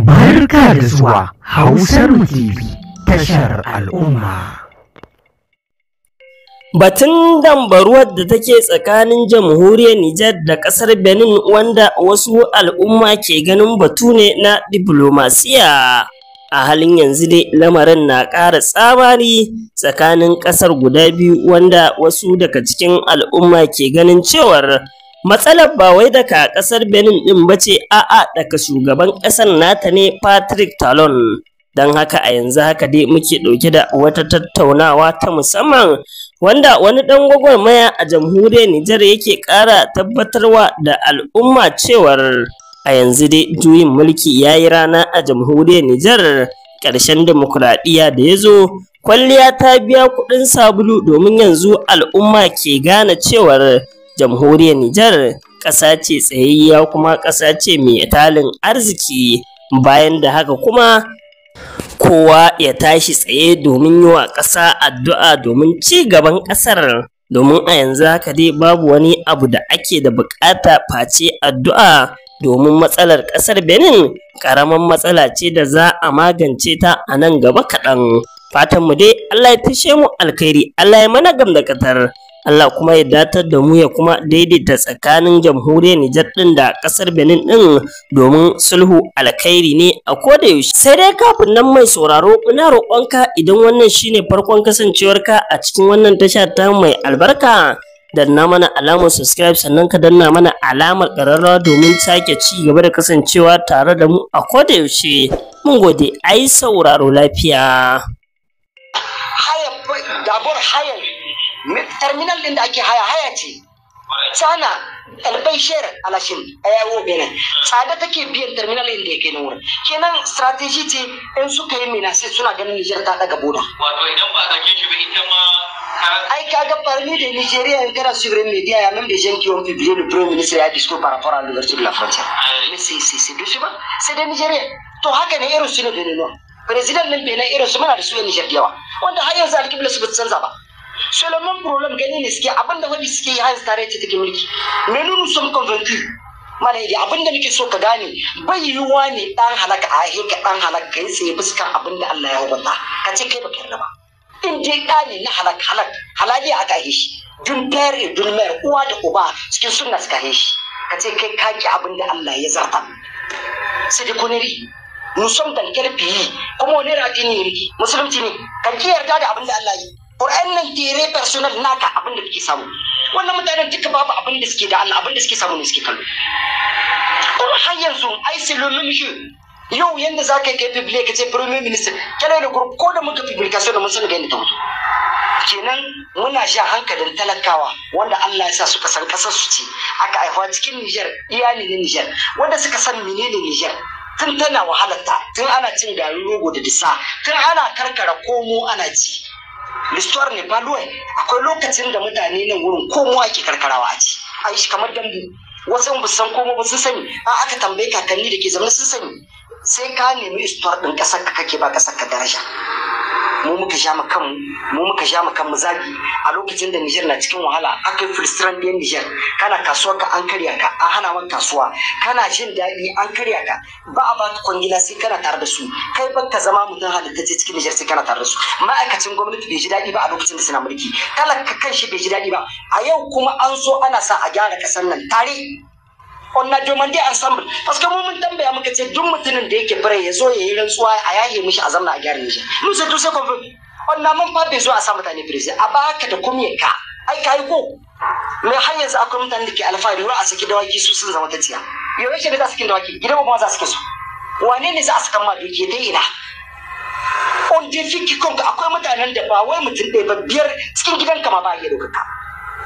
Barka da zuwa Hausar TV tashar al'umma. Batun dambaruwar da take tsakanin jamhuriyar Nijar da ƙasar Benin wanda wasu al'umma ke ganin batu ne na diplomasiya. A halin yanzu dai lamarin na ƙara tsamari tsakanin ƙasar guda biyu wanda wasu daga cikin al'umma ke ganin cewar matsalar ba wai daga ƙasar benin ɗin ba ce a'a daga shugaban ƙasar nata ne patrick talon don haka a yanzu haka dai muke ɗauke da wata tattaunawa ta musamman wanda wani ɗan gwagwarmaya a jamhuriyar nijar yake ƙara tabbatarwa da al'umma cewar a yanzu dai juyin mulki ya yi rana a jamhuriyar nijar ƙarshen demokuraɗiyya da ya zo kwalliya ta biya kuɗin sabulu domin yanzu al'umma ke gane cewar jamhuriyar Nijar ƙasa ce tsayayya kuma ƙasa ce mai talin arziki bayan da haka kuma kowa ya tashi tsaye domin yi wa ƙasa addu'a domin ci gaban ƙasar domin a yanzu haka dai babu wani abu da ake da buƙata face addu'a domin matsalar ƙasar Benin ƙaramin matsala ce da za a magance ta a nan gaba kaɗan. Fatanmu dai Allah ya tashe mu alkhairi, Allah ya mana katar Allah kuma ya datar da mu ya kuma daidaita tsakanin jamhuriyar Nijar din da kasar Benin ɗin domin sulhu alkhairi ne a koda yaushe sai dai kafin nan mai sauraro ina roƙonka idan wannan shine farkon kasancewarka a cikin wannan tasha ta mai albarka danna mana alamar subscribe sannan ka danna mana alamar ƙararrawa domin sake ci gaba da kasancewa tare da mu a koda yaushe mun gode ai sauraro lafiya terminal din da ake haya haya ce sana ɗalbai share alashin a yawo benin tsada take biyan terminal din da yake nan wurin kenan strategy ce in suka yi mina sai suna ganin nijar ta daga boda wato idan ba a sake shi ba ita ma ai kaga parmi de Nigeria intera sur les media ya y a même des gens qui ont publié le premier ministre a discours par rapport à l'ouverture de la frontière. Mais c'est c'est c'est dessus c'est des nigeria To haka ne irin su ne da ne Benin. President din Benin irin su muna da su ne nigeria yawa. Wanda har yanzu alƙibla su ba su canza ba. seulement problème gani ne suke da wani suke yi hanyar tare ce take mulki mais nous nous sommes convaincus mana idi abinda muke so ka gane bai yiwuwa ne dan halaka a hirka dan halaka kai sai fuskan da Allah ya hukunta ka ce kai baka yarda ba in dai da ne na halak halak halaji aka yi shi dun fere dun mayar uwa da uba cikin sunna suka yi shi ka ce kai ka abin da Allah ya zaba sai dai kuniri nous sommes dans quel kuma wani radini ne musulunci ne ka ki yarda da abin da Allah ya yi Qur'an nan tere personal naka abin da kike samu wannan mutanen duka babu abin da suke da Allah abin da suke samu ne suke kallo kuma har yanzu ai silulun shi yau yanda za ka yi kai public ka ce premier minister kana da group ko da muka publication da mun sani ga yanda ta mutu kenan muna sha hankalin talakawa wanda Allah ya sa suka san kasar su ce aka haifa cikin Niger iyali ne Niger wanda suka san menene Niger tun tana wahalarta tun ana cin garin rogo da disa tun ana karkara komo ana ci listuwar ne faluwai akwai lokacin da mutane nan wurin komowa ke karkarawa a ci a shi kamar dambu wasu ba san komo ba sun sani a aka tambayi kakanni da ke zama sun sani sai ka nemi listuwar ɗin ƙasar ka kake ba ƙasar ka daraja mu muka sha mu kanmu mu muka sha mu kanmu zagi a lokacin da Niger na cikin wahala akai filistran biyan Niger kana kasuwa ka an karya ka an hana wani kasuwa kana jin daɗi an karya ka ba a ba kwangila sai kana tare da su kai ba ka zama mutum halittace cikin Niger sai kana tare da su ma'aikacin gwamnati bai ji daɗi ba a lokacin da suna mulki talaka shi bai ji daɗi ba a yau kuma an zo ana sa a gyara ƙasar nan tare on na domande ensemble parce que mu mun tambaya muka ce duk mutumin da yake bare ya zo ya yi rantsuwa a yaye mishi a zamna a gyara mishi mun sai to sai kon wanda mun fa bai zo a sa mutane birisi a ba ka da kumye ka ai yi ko mai har yanzu akwai mutanen da ke alfahari wa a saki dawaki su sun zama taciya yau yake ne za a saki dawaki gidan ba za a saki su wane ne za a saka ma doki dai ina on je fiki kanka akwai mutanen da ba wai mutum ɗaya ba biyar cikin gidanka ma ba a iya ɗaukaka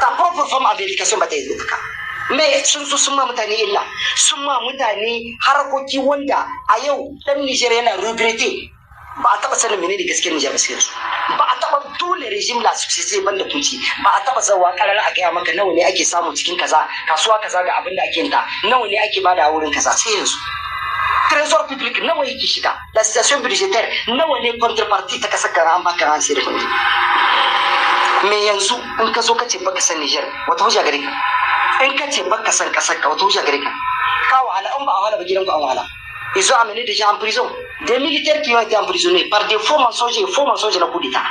ta proper form of education ba ta iya ɗaukaka Mai sun su sun ma mutane illa sun ma mutane harkoki wanda a yau dan Nijar yana rubirete ba a taba sanin menene gaskiyar Nijar gaskiyar su ba a taba dole regime la succès ban da kunci ba a taba zawa karar a gaya maka nawa ne ake samu cikin kaza kasuwa kaza ga abin da ake ta nawa ne ake bada a wurin kaza sai yanzu trésor public nawa yake shiga la situation budgétaire nawa ne contrepartie ta kasa kara an baka ran sirri me yanzu in ka zo ka ce baka san Nijar wata hujja gare ka in ka ce baka san kasar ka wata wuce gare ka ka wahala in ba a wahala ba gidan ku an wahala ils ont amené des gens en prison des militaires qui ont été emprisonnés par des faux mensonges et faux mensonges na coup d'état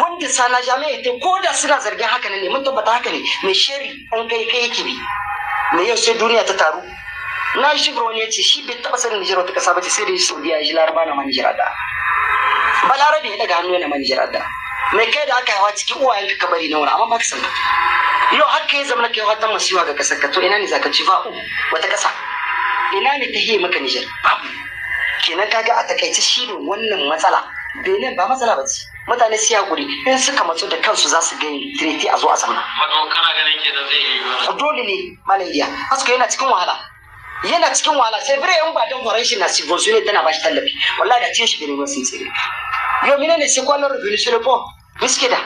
wanda sa na jami'a ita ko da suna zargin haka ne mun tabbata haka ne mai sheri an kai kai yake bi me yau sai duniya ta taru na shi wani ya ce shi bai taba sanin Nijar wata kasa ba ce sai da Saudiya ya ji Laraba na manjira da. Balarabe ya daga hannu yana manjira da. Mai kai da aka haifa cikin uwayen ka kabari na wani amma ba ka san yau haka ya zama kai masu masiwa ga kasar ka to ina ne ka ci fa'u wata kasa ina ne ta hiye maka Nijar babu kenan kaga a takaice shi ne wannan matsala Benin ba matsala ba ce mutane su yaƙuri in suka matso da kansu za su gani tireti a zo a zamna. Wato kana ganin ke da zai yi Dole ne malam iya haske yana cikin wahala. Yana cikin wahala sai bire ba badan horon shi na sibonsu ne tana bashi tallafi wallahi da cin shi da neman sun tsere. Yau mina ne sai kwanan revolution reform miske da.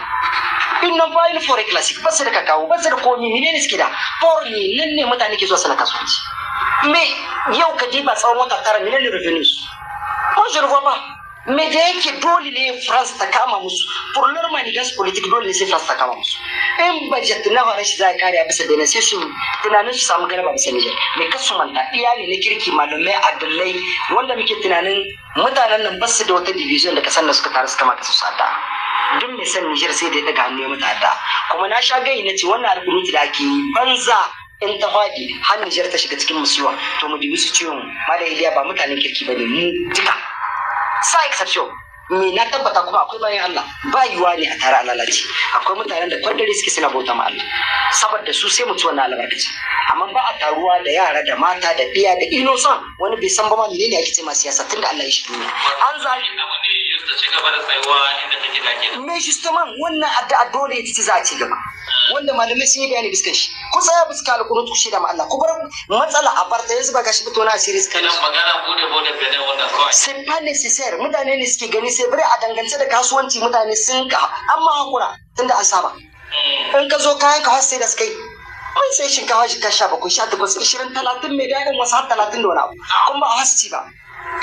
din nan bayan forex classic ba su da kakawo ba su da komi menene suke da porni ne ne mutane ke zuwa sana kasuwanci me yau ka diba tsawon wata tara menene revenues ko je ba me da yake dole ne France ta kama musu for normal gas politique dole ne sai France ta kama musu in budget na fara shi za a kare a bisa da sai su tunanin su samu galaba bisa Niger me kasu manta iyali na kirki malamai adalai wanda muke tunanin mutanen nan su da wata division da kasan da suka taru suka maka su sada duk mai san Nijar sai da ya daga hannu ya mutu kuma na sha gai na ce wannan alƙunuti da ake yi banza in ta faɗi har Nijar ta shiga cikin musuwa to mu dubi su ciwon Malam Iliya ba mutanen kirki ba ne mu duka sa exception me na tabbata kuma akwai bayan Allah ba yiwa ne a tare a lalace akwai mutanen da kwandare suke suna bauta ma Allah saboda su sai mutuwa na albarkaci amma ba a taruwa da yara da mata da biya da inosan wani bai san ba ma menene ake ce ma siyasa tunda Allah ya shi duniya an me shi man wannan addu'a dole ita ce za a ci gaba wanda malamai sun yi bayani biskan shi ku tsaya biska alƙurut ku shaida ma Allah ku bar matsala a barta yanzu ba gashi fito na series su. magana bude bude bene wannan kawai sai fa mutane ne suke gani sai bare a dangance da kasuwanci mutane sun ka amma hakura tunda an saba hmm. in ka zo kayan ka har sai da suka yi wai sai shinkafa shi ka sha bakwai sha takwas ishirin talatin mai daɗin wasu har talatin da wani abu ah. kuma ba a hasci ba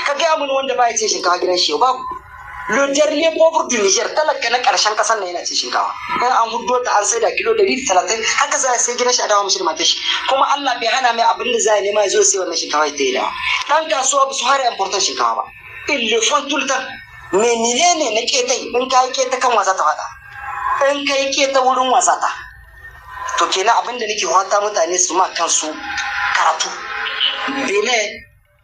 ka gaya mun wanda ba ya ce shinkafa gidan shi ku le bo pauvre du Niger talaka na karshen kasar nan yana cin shinkafa in an hudo ta an saida kilo 130 haka za a sai gidan shi a dawo mishi mata shi kuma Allah bai hana mai abin da za ya nema ya zo sai wannan shinkafa ya tayi dawa dan kasuwa ba su hara importan shinkafa ba il le font Me le ne mais na ketai in kai keta kan wasa ta fada in kai keta wurin wasa ta to kenan abin da nake hata mutane su ma kansu karatu Benin,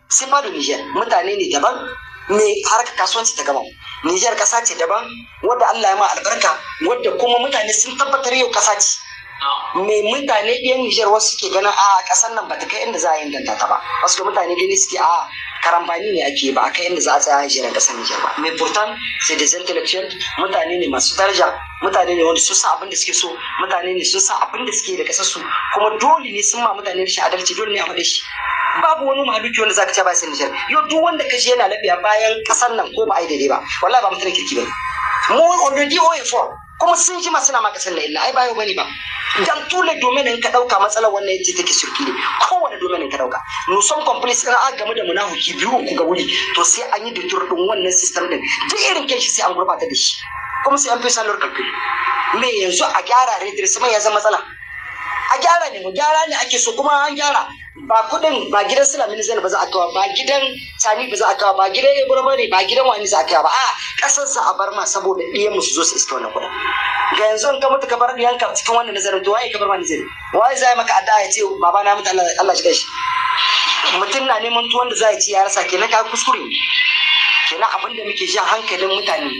c'est pas le Niger. Mutane ne daban, me harkar kasuwanci ta gaba Nijar kasa ce daban wadda Allah ya ma albarka wadda kuma mutane sun tabbatar yau kasa ce Mai mutane ɗiyan Nijar wasu ke ganin a ƙasar nan bata kai inda za a yi inganta ta ba wasu mutane gani suke a karambani ne ake ba a kai inda za a tsaya hijiran ƙasar Nijar ba mai furtan sai da intellectuels mutane ne masu daraja mutane ne wanda sun san abin da suke so mutane ne sun san abin da suke da ƙasar su kuma dole ne sun ma mutane rashin adalci dole ne a faɗe shi babu wani mahaluki wanda zaka ce ba sai yau duk wanda ka yana lafiya bayan kasar nan ko ba ai daidai ba wallahi ba mutum kirki bane mu already oa for kuma sun ma suna ma kasar na illa ai ba yau bane ba dan tule domain ka dauka matsalar wannan yace take shirki ne kowane domain ka dauka nu son in a game da ki biyu ku ga wuri to sai an yi dutur din wannan system din duk irin kai shi sai an gurbata da shi kuma sai an fi salar kalfi me yanzu a gyara redressment ya zama matsala a gyara ne mu gyara ne ake so kuma an gyara ba kudin ba gidan sulamin zai ba za a kawo ba gidan sami ba za a kawo ba gidan ebura ba ne ba gidan wani za a kawo ba a kasar sa a bar ma saboda iya musu zo su iska wannan kudin ga yanzu an ka mutu ka bar ɗiyan ka cikin wannan nazarin to waye ka bar ma nazarin waye za maka addu'a ya ce baba na mutu Allah shi mutum na neman tuwon da za ci ya rasa kenan ka kuskure kenan abin da muke jan hankalin mutane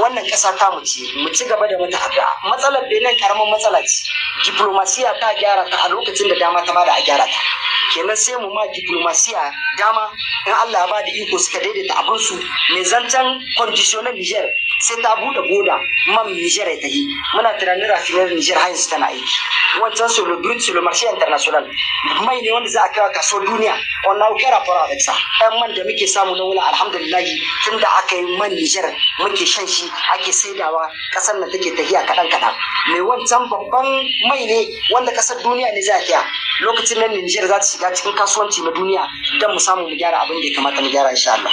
wannan ƙasa ta mu ci, mu ci gaba da mata addu'a matsalar benin karamin matsala ce diplomasiya ta gyara ta a lokacin da dama ta bada a gyara ta kenan sai mu ma diplomasiya dama in Allah ba da iko suka daidaita abin su mai zancen conditional Niger sai ta buɗe goda man Nijar ya tahi muna tunanin rafinar Nijar har yanzu tana aiki wancan sur le brut sur le marché international mai ne wanda za a kawo kaso duniya wannan aucun rapport da ça ɗan man da muke samu na wula alhamdulillah tun da aka yi man Nijar muke shan shi ake saidawa ƙasar nan take tahiya kaɗan kaɗan mai wancan babban mai ne wanda ƙasar duniya ne za a lokacin nan Nijar za ta shiga cikin kasuwanci na duniya don mu samu mu gyara abin da ya kamata mu gyara insha Allah.